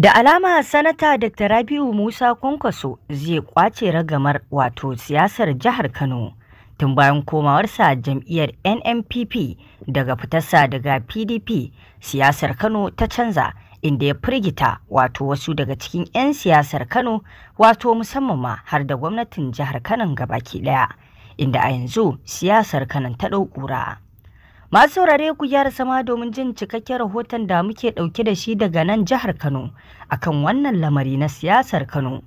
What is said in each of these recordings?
Da alama sanata Dr. Rabiu Musa Kwankwaso zai kwace ragamar wato siyasar jihar Kano tun bayan komawarsa jam'iyyar NNPP daga fitarsa daga PDP siyasar Kano ta canza inda ya firgita wato wasu daga cikin 'yan siyasar Kano wato musamman ma har da gwamnatin jihar Kano gabaki daya inda a yanzu siyasar Kano ta ɗau Masu saurare ku gyara sama domin jin cikakken rahoton da muke ɗauke da shi daga nan jihar Kano akan wannan lamari na siyasar Kano.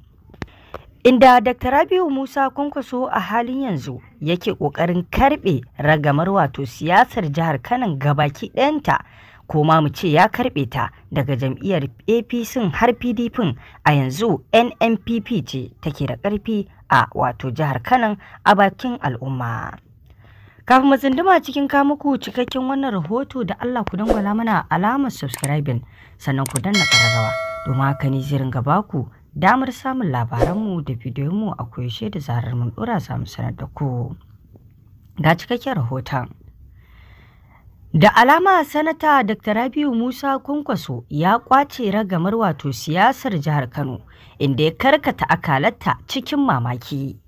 Inda Dr. Rabiu Musa Kwankwaso a halin yanzu yake ƙoƙarin karɓe ragamar wato siyasar jihar Kano gabaki ɗayanta ko ma mu ce ya karɓe ta daga jam'iyyar APC har PDP a yanzu NNPP ce take da ƙarfi a wato jihar Kano a bakin al'umma. Kafin mu tsunduma cikin kamuku cikakken wannan rahoto da Allah ku dangwala mana alamar subscribing sannan ku danna kararrawa domin haka ne zai ringa baku damar samun labaranmu da bidiyonmu a koyaushe da zarar mun dora samu sanar da ku. Ga cikakken rahoton. Da alama sanata Dr. Rabiu Musa Kwankwaso ya kwace ragamar wato siyasar jihar Kano inda ya karkata akalarta cikin mamaki.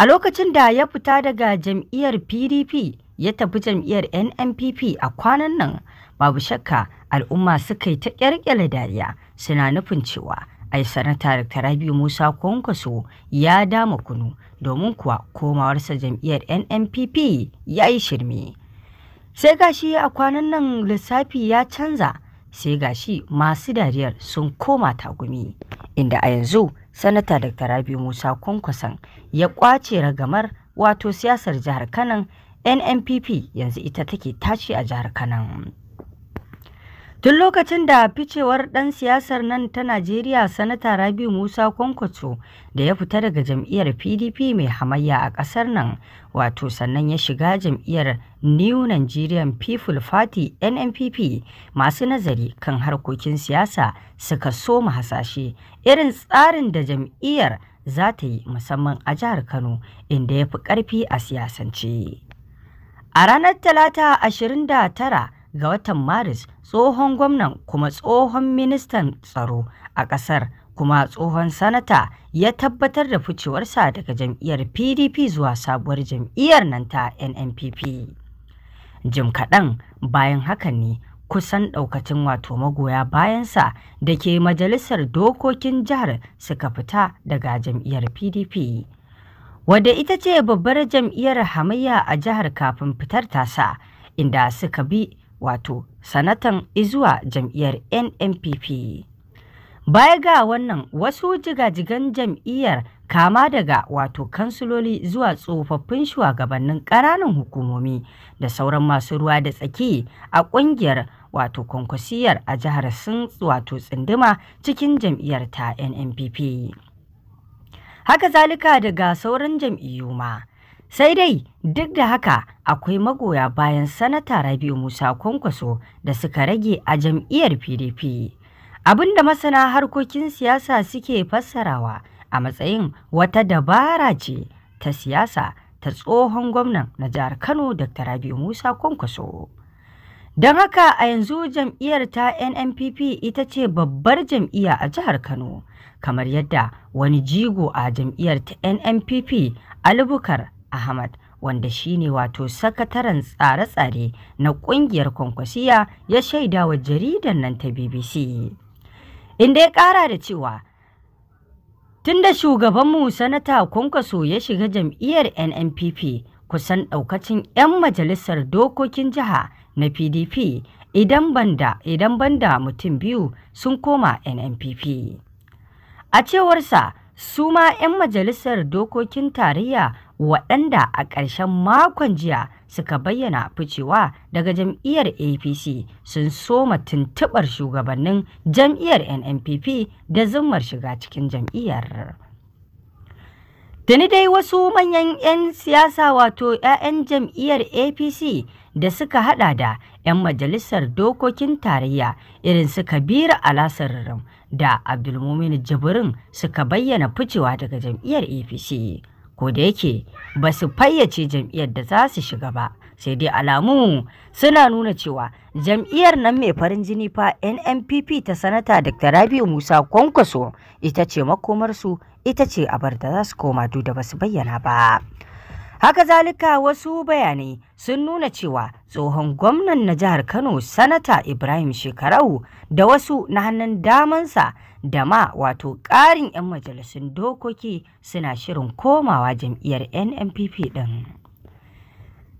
A lokacin da ya fita daga jam'iyyar PDP ya tafi jam'iyyar NNPP a kwanan nan babu shakka al'umma suka yi ta ƙyarƙyar dariya suna nufin cewa ai sanata da Musa Kwankwaso ya dama kunu domin kuwa komawarsa jam'iyyar NNPP ya yi shirme. Sai gashi a kwanan nan lissafi ya canza sai gashi masu dariyar sun koma tagumi inda a yanzu sanata dr rabi musa kwankwason ya kwace ragamar wato siyasar jihar kanon nnpp yanzu ita take tashi a jihar kanon. Tun lokacin da ficewar ɗan siyasar nan ta Najeriya Sanata Rabiu Musa Kwankwaso da ya fita daga jam'iyyar PDP mai hamayya a ƙasar nan, wato sannan ya shiga jam'iyyar New Nigerian People Party NNPP masu nazari kan harkokin siyasa suka soma hasashe irin tsarin da jam'iyyar za ta yi musamman a jihar Kano inda ya fi ƙarfi a siyasance. A ranar Talata 29 ga watan Maris tsohon gwamnan kuma tsohon ministan tsaro a ƙasar kuma tsohon sanata ya tabbatar da ficewarsa daga jam'iyyar pdp zuwa sabuwar jam'iyyar nan ta nnpp jim kaɗan bayan hakan ne kusan ɗaukacin wato magoya bayansa da ke majalisar dokokin jihar suka fita daga jam'iyyar pdp wadda ita ce babbar jam'iyyar hamayya a jihar kafin fitar tasa inda suka bi wato sanatan izuwa jam'iyyar NNPP. Baya ga wannan wasu jigajigan jam'iyyar kama daga wato kansiloli zuwa tsofaffin shugabannin ƙananan hukumomi da sauran masu ruwa da tsaki a ƙungiyar wato konkwasiyar a jihar sun wato tsinduma cikin jam'iyyar ta NNPP. Haka zalika daga sauran jam'iyyu ma Sai dai duk da haka akwai magoya bayan sanata Rabiu Musa Kwankwaso da suka rage a jam'iyyar PDP. Abin da masana harkokin siyasa suke fassarawa a matsayin wata dabara ce ta siyasa ta tsohon gwamnan na jihar Kano Dr. Rabiu Musa Kwankwaso. Don haka a yanzu jam'iyyar ta NNPP ita ce babbar jam'iyya a jihar Kano, kamar yadda wani jigo a jam'iyyar ta NNPP Alibukar Ahmad wanda shine wato sakataren tsare-tsare na kungiyar kwankwasiya ya shaida wa jaridar nan ta BBC. Inda ya kara da cewa tunda shugaban shugabanmu sanata kwankwaso ya shiga jam'iyyar NNPP kusan daukacin 'yan majalisar dokokin jiha na PDP idan banda idan banda mutum biyu sun koma NNPP. A cewarsa su ma 'yan majalisar dokokin tarayya waɗanda a ƙarshen makon jiya suka bayyana ficewa daga jam'iyyar apc sun soma tuntuɓar shugabannin jam'iyyar nnpp da zummar shiga cikin jam'iyyar tuni dai wasu manyan 'yan siyasa wato 'ya'yan jam'iyyar apc da suka hada da 'yan majalisar dokokin tarayya irin su kabir alasararram da abdulmumin jibrin suka bayyana ficewa daga jam'iyyar apc ko da yake ba su fayyace jam'iyyar da za su shiga ba sai dai alamu suna nuna cewa jam'iyyar nan mai farin jini fa nnpp ta sanata dr rabiu musa kwankwaso ita ce makomarsu ita ce abar da za su koma duk da ba su bayyana ba haka zalika wasu bayanai sun nuna cewa tsohon gwamnan na jihar kano sanata ibrahim shekarau da wasu na hannun damansa da ma wato ƙarin 'yan majalisun dokoki suna shirin komawa jam'iyyar NNPP ɗin.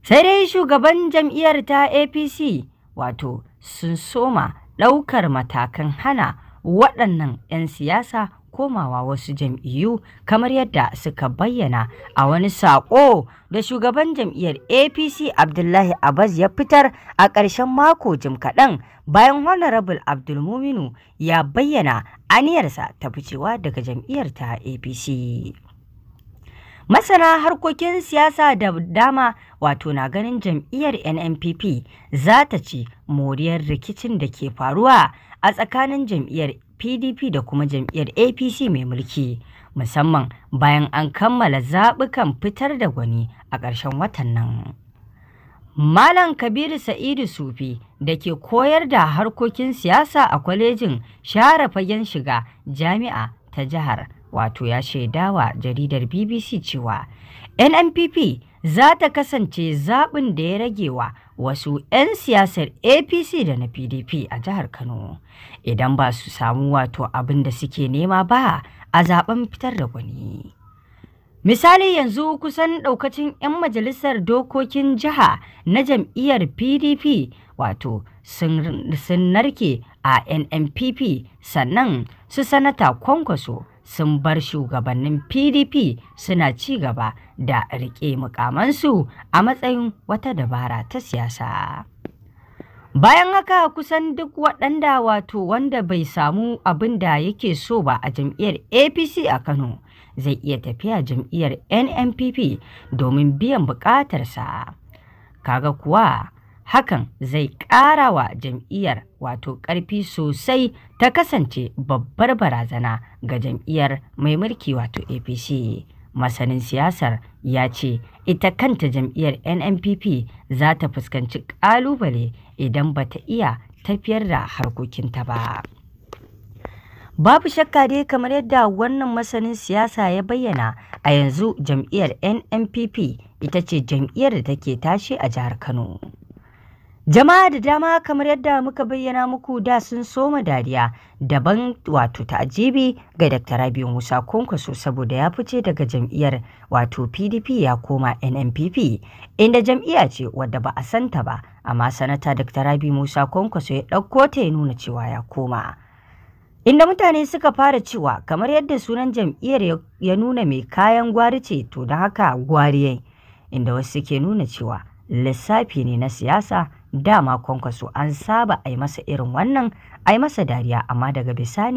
Sai dai shugaban jam'iyyar ta APC wato sun soma ɗaukar matakan hana waɗannan 'yan siyasa komawa wasu jam'iyyu kamar yadda suka bayyana a wani saƙo da shugaban jam'iyyar apc abdullahi abbas ya fitar a ƙarshen mako jim kaɗan bayan honorable abdulmuminu ya bayyana aniyarsa ta ficewa daga jam'iyyar ta apc masana harkokin siyasa da dama wato na ganin jam'iyyar nnpp za ta ci moriyar rikicin da ke faruwa a tsakanin jam'iyyar pdp da kuma jam'iyyar apc mai mulki musamman bayan an kammala zaɓukan fitar da gwani a ƙarshen watan nan malam kabiru sa'idu sufi da ke koyar da harkokin siyasa a kwalejin share fagen shiga jami'a ta jihar wato ya shaidawa jaridar bbc cewa nnpp za ta kasance zaɓin da ya rage wa wasu 'yan siyasar apc da na pdp a jihar kano idan ba su samu wato abin da suke nema ba a zaɓen fitar da gwani misali yanzu kusan ɗaukacin 'yan majalisar dokokin jiha na jam'iyyar pdp wato sun narke a nnpp sannan su sanata kwankwaso sun bar shugabannin PDP suna ci gaba da riƙe mukamansu a matsayin wata dabara ta siyasa. Bayan haka kusan duk waɗanda wato wanda bai samu abin da yake so ba a jam'iyyar APC a Kano zai iya tafiya jam'iyyar NNPP domin biyan buƙatarsa. Kaga kuwa hakan zai ƙara wa jam'iyyar wato ƙarfi sosai ta kasance babbar barazana ga jam'iyyar mai mulki wato apc masanin siyasar ya ce ita kanta jam'iyyar nnpp za ta fuskanci ƙalubale idan ba ta iya tafiyar da harkokinta ba babu shakka dai kamar yadda wannan masanin siyasa ya bayyana a yanzu jam'iyyar nnpp ita ce jam'iyyar da take tashi a jihar kano Jama'a da dama kamar yadda muka bayyana muku da sun soma dariya daban wato ta'ajibi ga Dr. Rabiu Musa Kwankwaso saboda ya fice daga jam'iyyar wato PDP ya koma NNPP inda jam'iyya ce wadda ba a santa ba amma sanata Dr. Rabiu Musa Kwankwaso ya ɗauko ta ya nuna cewa ya koma. Inda mutane suka fara cewa kamar yadda sunan jam'iyyar ya nuna mai kayan gwari ce to da haka gwariye inda wasu ke nuna cewa lissafi ne na siyasa Dama Kwankwaso an saba a yi masa irin wannan, a yi masa dariya, amma daga bisani.